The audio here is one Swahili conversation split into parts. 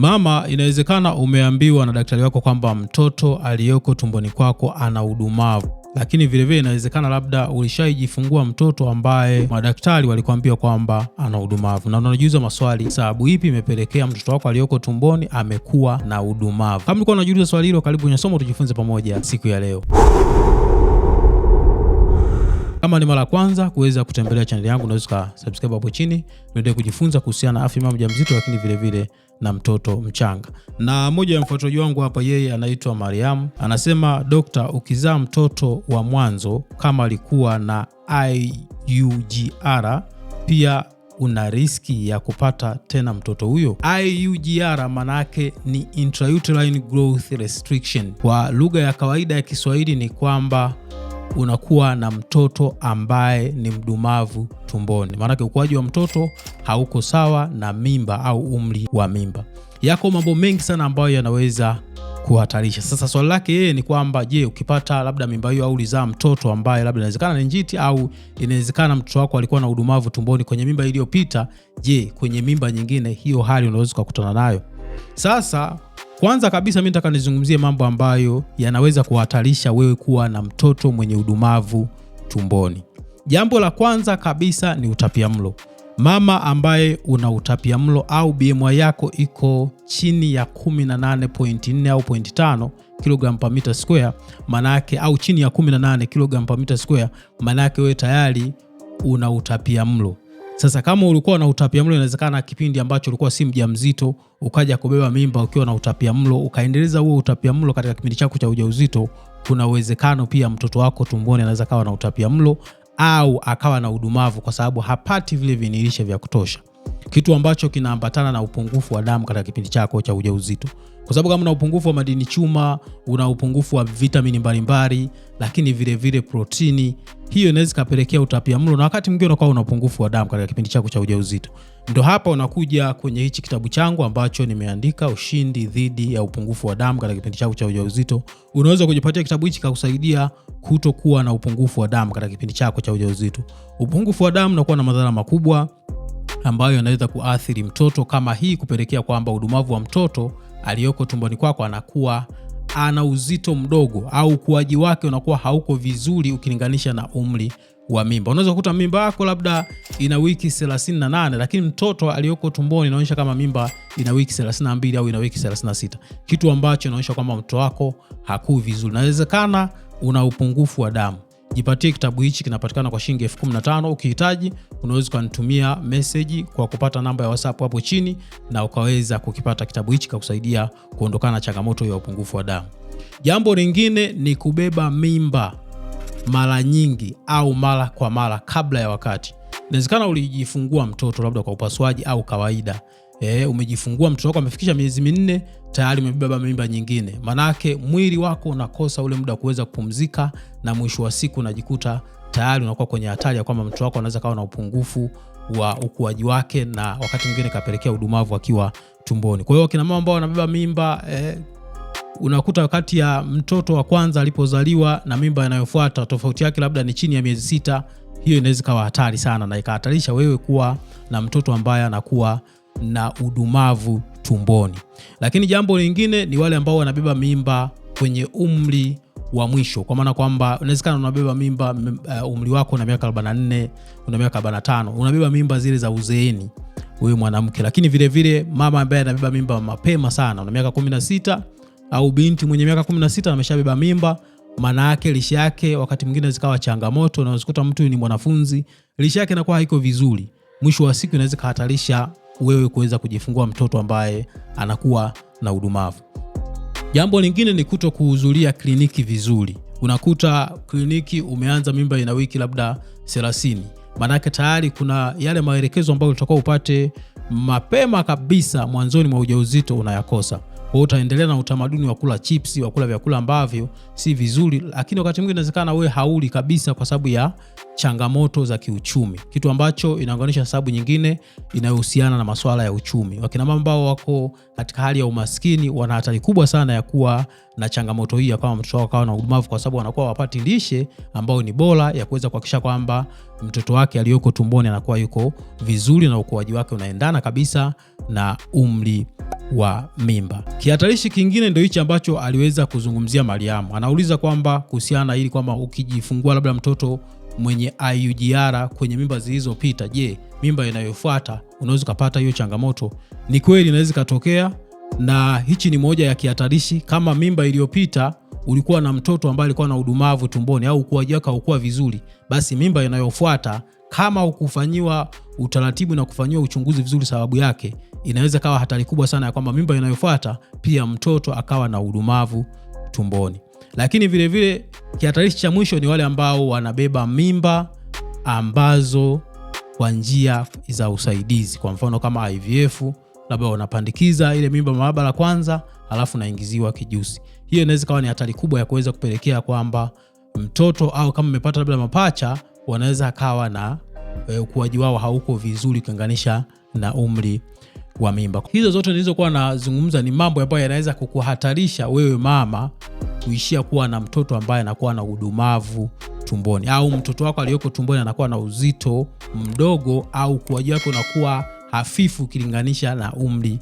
Mama, inawezekana umeambiwa na daktari wako kwamba mtoto aliyoko tumboni kwako ana udumavu, lakini vilevile inawezekana labda ulishajifungua mtoto ambaye madaktari walikwambia kwamba ana udumavu, na unajiuliza maswali, sababu ipi imepelekea mtoto wako aliyoko tumboni amekuwa na udumavu? Kama ulikuwa unajiuliza swali hilo, karibu kwenye somo tujifunze pamoja siku ya leo. Kama ni mara kwanza kuweza kutembelea chaneli yangu, unaweza subscribe hapo chini, unaendelea kujifunza kuhusiana na afya mama mjamzito, lakini vile vile na mtoto mchanga. Na moja ya mfuatiliaji wangu hapa, yeye anaitwa Mariam, anasema dokta, ukizaa mtoto wa mwanzo kama alikuwa na IUGR pia una riski ya kupata tena mtoto huyo. IUGR maana yake ni intrauterine growth restriction, kwa lugha ya kawaida ya Kiswahili ni kwamba unakuwa na mtoto ambaye ni mdumavu tumboni. Maanake ukuaji wa mtoto hauko sawa na mimba au umri wa mimba. Yako mambo mengi sana ambayo yanaweza kuhatarisha. Sasa swali lake yeye ni kwamba je, ukipata labda mimba hiyo au ulizaa mtoto ambaye labda inawezekana ni njiti au inawezekana mtoto wako alikuwa na udumavu tumboni kwenye mimba iliyopita, je, kwenye mimba nyingine hiyo hali unaweza kukutana nayo? Sasa kwanza kabisa mimi nataka nizungumzie mambo ambayo yanaweza kuhatarisha wewe kuwa na mtoto mwenye udumavu tumboni. Jambo la kwanza kabisa ni utapiamlo. Mama ambaye una utapiamlo au BMI yako iko chini ya 18.4 au 0.5 kg per meter square, au chini ya 18 kg per meter square, wewe tayari una utapiamlo. Sasa kama ulikuwa na utapiamlo, inawezekana kipindi ambacho ulikuwa si mjamzito ukaja kubeba mimba ukiwa na utapiamlo, ukaendeleza huo utapiamlo katika kipindi chako cha ujauzito, kuna uwezekano pia mtoto wako tumboni anaweza kawa na utapiamlo au akawa na udumavu, kwa sababu hapati vile vinilishe vya kutosha, kitu ambacho kinaambatana na upungufu wa damu katika kipindi chako cha ujauzito, kwa sababu kama una upungufu wa madini chuma, una upungufu wa vitamini mbalimbali lakini vile vile protini. Hiyo inaweza kapelekea mlo na wakati mwingine unakuwa una upungufu wa damu katika kipindi chako cha ujauzito. Ndo hapa unakuja kwenye hichi kitabu changu ambacho nimeandika, Ushindi Dhidi ya Upungufu wa Damu katika kipindi chako cha ujauzito. Unaweza kujipatia kitabu hichi kakusaidia kutokuwa na upungufu wa damu katika kipindi chako cha ujauzito. Upungufu wa damu unakuwa na madhara makubwa ambayo yanaweza kuathiri mtoto kama hii kupelekea kwamba udumavu wa mtoto aliyoko tumboni kwako kwa anakuwa ana uzito mdogo au ukuaji wake unakuwa hauko vizuri ukilinganisha na umri wa mimba. Unaweza kukuta mimba yako labda ina wiki 38 lakini mtoto aliyoko tumboni inaonyesha kama mimba ina wiki 32 au ina wiki 36, kitu ambacho inaonyesha kwamba mtoto wako hakui vizuri. Inawezekana una upungufu wa damu jipatie kitabu hichi, kinapatikana kwa shilingi elfu kumi na tano. Ukihitaji unaweza ukanitumia meseji kwa kupata namba ya WhatsApp hapo chini, na ukaweza kukipata kitabu hichi kakusaidia kuondokana na changamoto ya upungufu wa damu. Jambo lingine ni kubeba mimba mara nyingi au mara kwa mara kabla ya wakati. Inawezekana ulijifungua mtoto labda kwa upasuaji au kawaida, e, umejifungua mtoto wako amefikisha miezi minne tayari umebeba mimba nyingine, manake mwili wako unakosa ule muda wa kuweza kupumzika, na mwisho wa siku unajikuta tayari unakuwa kwenye hatari ya kwamba mtoto wako anaweza kawa na upungufu wa ukuaji wake, na wakati mwingine kapelekea udumavu akiwa tumboni. Kwa hiyo kina mama ambao wanabeba mimba e, unakuta wakati ya mtoto wa kwanza alipozaliwa na mimba inayofuata tofauti yake labda ni chini ya miezi sita, hiyo inaweza ikawa hatari sana na ikahatarisha wewe kuwa na mtoto ambaye anakuwa na udumavu tumboni. Lakini jambo lingine ni wale ambao wanabeba mimba kwenye umri wa mwisho, kwa maana kwamba unawezekana unabeba mimba eh, umri wako na miaka 44, una miaka 45, unabeba mimba zile za uzeeni huyu mwanamke. Lakini vile vile, mama ambaye anabeba mimba mapema sana, una miaka 16 au binti mwenye miaka 16 ameshabeba mimba maana yake lishe yake wakati mwingine zikawa changamoto, na unazikuta mtu ni mwanafunzi, lishe yake inakuwa haiko vizuri, mwisho wa siku inaweza kuhatarisha wewe kuweza kujifungua mtoto ambaye anakuwa na udumavu. Jambo lingine ni kuto kuhudhuria kliniki vizuri. Unakuta kliniki umeanza mimba ina wiki labda 30, maanake tayari kuna yale maelekezo ambayo utakuwa upate mapema kabisa mwanzoni mwa ujauzito unayakosa. Kwa hiyo utaendelea na utamaduni wa kula chipsi, wa kula vyakula ambavyo si vizuri, lakini wakati mwingine inawezekana wewe hauli kabisa kwa sababu ya changamoto za kiuchumi, kitu ambacho inaunganisha sababu nyingine inayohusiana na masuala ya uchumi. Wakina mama ambao wako katika hali ya umaskini wana hatari kubwa sana ya kuwa na changamoto hii ya kwamba mtoto wao akawa na udumavu, kwa sababu wanakuwa wapati lishe ambayo ni bora ya kuweza kuhakikisha kwamba mtoto wake aliyoko tumboni anakuwa yuko vizuri na ukuaji wake unaendana kabisa na umri wa mimba. Kihatarishi kingine ndio hichi ambacho aliweza kuzungumzia Mariamu. Anauliza kwamba kuhusiana na hili kwamba ukijifungua labda mtoto mwenye IUGR kwenye mimba zilizopita, je, mimba inayofuata unaweza ukapata hiyo changamoto? Ni kweli inaweza ikatokea, na hichi ni moja ya kihatarishi. Kama mimba iliyopita ulikuwa na mtoto ambaye alikuwa na udumavu tumboni au ukuaji wake haukuwa vizuri, basi mimba inayofuata kama ukufanyiwa utaratibu na kufanyiwa uchunguzi vizuri sababu yake, inaweza kawa hatari kubwa sana ya kwamba mimba inayofuata pia mtoto akawa na udumavu tumboni. Lakini vilevile Kihatarishi cha mwisho ni wale ambao wanabeba mimba ambazo kwa njia za usaidizi, kwa mfano kama IVF, labda wanapandikiza ile mimba maabara kwanza, alafu naingiziwa kijusi. Hiyo inaweza kawa ni hatari kubwa ya kuweza kupelekea kwamba mtoto au kama umepata labda mapacha, wanaweza akawa na eh, ukuaji wao hauko vizuri ukilinganisha na umri wa mimba. Hizo zote nilizokuwa nazungumza ni mambo ambayo yanaweza kukuhatarisha wewe mama kuishia kuwa na mtoto ambaye anakuwa na udumavu tumboni, au mtoto wako aliyoko tumboni anakuwa na uzito mdogo, au ukuaji wake unakuwa hafifu ukilinganisha na umri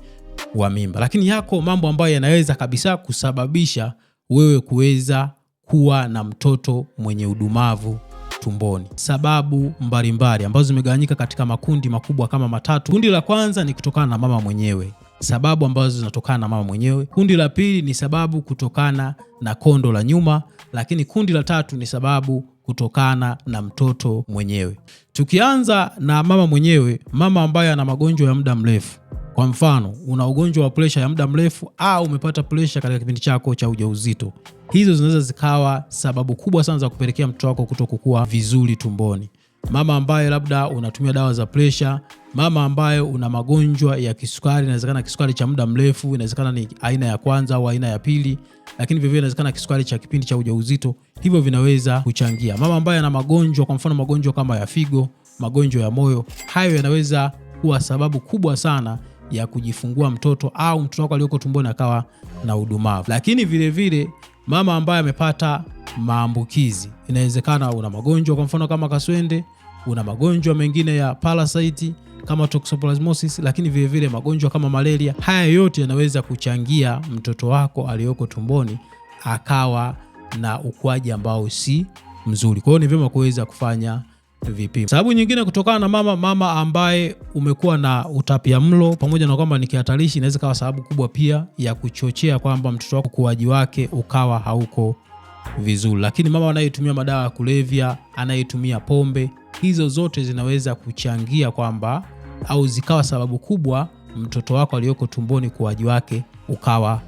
wa mimba. Lakini yako mambo ambayo yanaweza kabisa kusababisha wewe kuweza kuwa na mtoto mwenye udumavu tumboni. Sababu mbalimbali ambazo zimegawanyika katika makundi makubwa kama matatu. Kundi la kwanza ni kutokana na mama mwenyewe, sababu ambazo zinatokana na mama mwenyewe. Kundi la pili ni sababu kutokana na kondo la nyuma, lakini kundi la tatu ni sababu kutokana na mtoto mwenyewe. Tukianza na mama mwenyewe, mama ambaye ana magonjwa ya muda mrefu kwa mfano, una ugonjwa wa presha ya muda mrefu au umepata presha katika kipindi chako cha ujauzito. Hizo zinaweza zikawa sababu kubwa sana za kupelekea mtoto wako kutokukua vizuri tumboni. Mama ambaye labda unatumia dawa za presha, mama ambaye una magonjwa ya kisukari, inawezekana kisukari cha muda mrefu, inawezekana ni aina ya kwanza au aina ya pili, lakini vivyo inawezekana kisukari cha kipindi cha ujauzito, hivyo vinaweza kuchangia. Mama ambaye ana magonjwa, kwa mfano magonjwa kama ya figo, magonjwa ya moyo, hayo yanaweza kuwa sababu kubwa sana ya kujifungua mtoto au mtoto wako aliyoko tumboni akawa na udumavu. Lakini vilevile mama ambaye amepata maambukizi, inawezekana una magonjwa kwa mfano kama kaswende, una magonjwa mengine ya parasite kama toxoplasmosis, lakini vilevile magonjwa kama malaria. Haya yote yanaweza kuchangia mtoto wako aliyoko tumboni akawa na ukuaji ambao si mzuri. Kwa hiyo ni vyema kuweza kufanya vipimo. Sababu nyingine kutokana na mama mama ambaye umekuwa na utapia mlo, pamoja na kwamba ni kihatarishi, inaweza kawa sababu kubwa pia ya kuchochea kwamba mtoto wako ukuaji wake ukawa hauko vizuri. Lakini mama anayetumia madawa ya kulevya, anayetumia pombe, hizo zote zinaweza kuchangia kwamba au zikawa sababu kubwa mtoto wako aliyoko tumboni ukuaji wake ukawa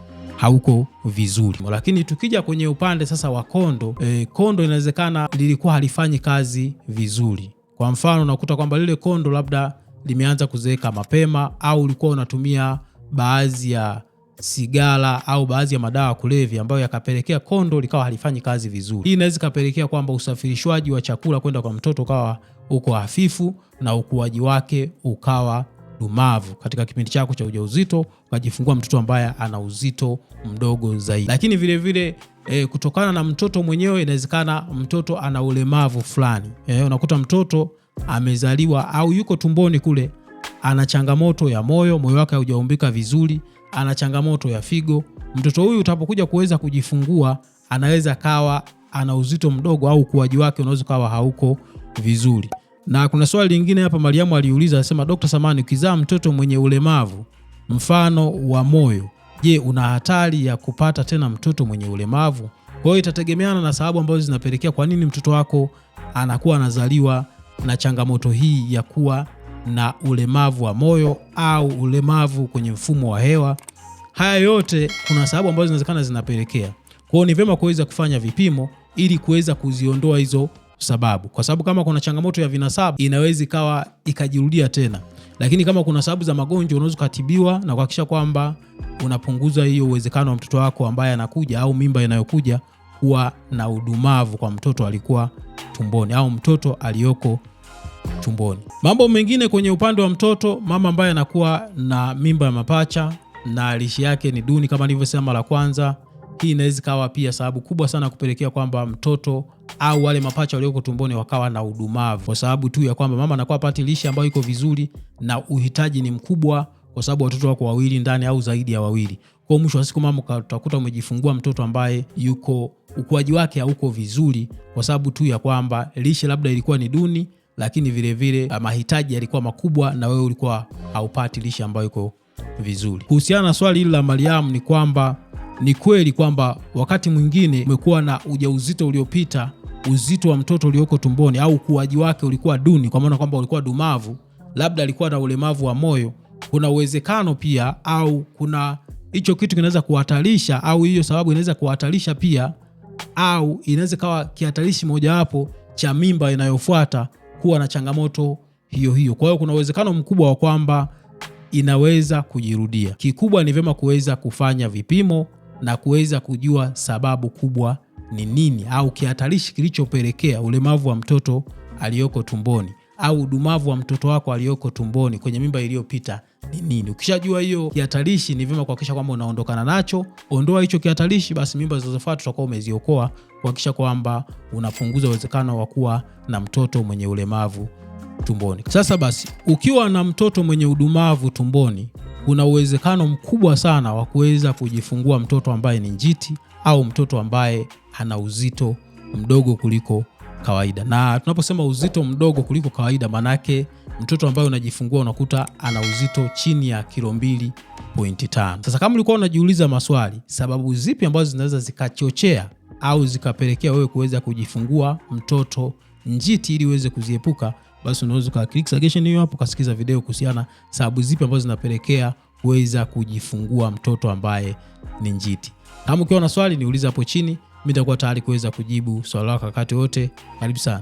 hauko vizuri. Lakini tukija kwenye upande sasa wa kondo e, kondo inawezekana lilikuwa halifanyi kazi vizuri. Kwa mfano unakuta kwamba lile kondo labda limeanza kuzeeka mapema, au ulikuwa unatumia baadhi ya sigara au baadhi ya madawa kulevya ambayo yakapelekea kondo likawa halifanyi kazi vizuri. Hii inaweza ikapelekea kwamba usafirishwaji wa chakula kwenda kwa mtoto ukawa uko hafifu na ukuaji wake ukawa dumavu katika kipindi chako cha ujauzito, ukajifungua mtoto ambaye ana uzito mdogo zaidi. Lakini vilevile vile, e, kutokana na mtoto mwenyewe, inawezekana mtoto ana ulemavu fulani. E, unakuta mtoto amezaliwa au yuko tumboni kule ana changamoto ya moyo, moyo wake haujaumbika vizuri, ana changamoto ya figo. Mtoto huyu utapokuja kuweza kujifungua, anaweza kawa ana uzito mdogo au ukuaji wake unaweza kawa hauko vizuri. Na kuna swali lingine hapa Mariamu aliuliza, anasema Dr. Samani, ukizaa mtoto mwenye ulemavu mfano wa moyo, je, una hatari ya kupata tena mtoto mwenye ulemavu? Kwa hiyo itategemeana na sababu ambazo zinapelekea kwa nini mtoto wako anakuwa anazaliwa na changamoto hii ya kuwa na ulemavu wa moyo au ulemavu kwenye mfumo wa hewa. Haya yote kuna sababu ambazo zinawezekana zinapelekea. Kwa hiyo ni vyema kuweza kufanya vipimo ili kuweza kuziondoa hizo sababu, kwa sababu kama kuna changamoto ya vinasaba inaweza ikawa ikajirudia tena, lakini kama kuna sababu za magonjwa unaweza ukatibiwa na kuhakikisha kwamba unapunguza hiyo uwezekano wa mtoto wako ambaye anakuja au mimba inayokuja kuwa na udumavu kwa mtoto alikuwa tumboni au mtoto aliyoko tumboni. Mambo mengine kwenye upande wa mtoto, mama ambaye anakuwa na mimba ya mapacha na lishi yake ni duni, kama nilivyosema la kwanza hii inaweza ikawa pia sababu kubwa sana kupelekea kwamba mtoto au wale mapacha walioko tumboni wakawa na udumavu, kwa sababu tu ya kwamba mama anakuwa pati lishe ambayo iko vizuri na uhitaji ni mkubwa, kwa sababu watoto wako wawili ndani au zaidi ya wawili. Kwa mwisho wa siku, mama utakuta umejifungua mtoto ambaye yuko ukuaji wake hauko vizuri, kwa sababu tu ya kwamba lishe labda ilikuwa ni duni, lakini vilevile vile, ah, mahitaji yalikuwa makubwa na wewe ulikuwa haupati lishe ambayo iko vizuri. Kuhusiana na swali hili la Mariam ni kwamba ni kweli kwamba wakati mwingine umekuwa na ujauzito uliopita, uzito wa mtoto ulioko tumboni au ukuaji wake ulikuwa duni, kwa maana kwamba ulikuwa dumavu, labda alikuwa na ulemavu wa moyo. Kuna uwezekano pia, au kuna hicho kitu kinaweza kuhatarisha, au hiyo sababu inaweza kuhatarisha pia, au inaweza kawa kihatarishi mojawapo cha mimba inayofuata kuwa na changamoto hiyo hiyo. Kwa hiyo kuna uwezekano mkubwa wa kwamba inaweza kujirudia. Kikubwa ni vyema kuweza kufanya vipimo na kuweza kujua sababu kubwa ni nini au kihatarishi kilichopelekea ulemavu wa mtoto aliyoko tumboni au udumavu wa mtoto wako aliyoko tumboni kwenye mimba iliyopita ni nini. Ukishajua hiyo kihatarishi, ni vyema kuhakikisha kwamba unaondokana nacho. Ondoa hicho kihatarishi, basi mimba zinazofuata tutakuwa umeziokoa, kuhakikisha kwamba unapunguza uwezekano wa kuwa na mtoto mwenye ulemavu tumboni. Sasa basi, ukiwa na mtoto mwenye udumavu tumboni, kuna uwezekano mkubwa sana wa kuweza kujifungua mtoto ambaye ni njiti au mtoto ambaye ana uzito mdogo kuliko kawaida. Na tunaposema uzito mdogo kuliko kawaida, manake mtoto ambaye unajifungua unakuta ana uzito chini ya kilo mbili Sasa kama ulikuwa unajiuliza maswali, sababu zipi ambazo zinaweza zikachochea au zikapelekea wewe kuweza kujifungua mtoto njiti ili uweze kuziepuka basi unaweza click suggestion hiyo hapo ukasikiza video kuhusiana sababu zipi ambazo zinapelekea kuweza kujifungua mtoto ambaye ni njiti. Kama ukiwa na swali niuliza hapo chini, mimi nitakuwa tayari kuweza kujibu swali lako wakati wote. Karibu sana.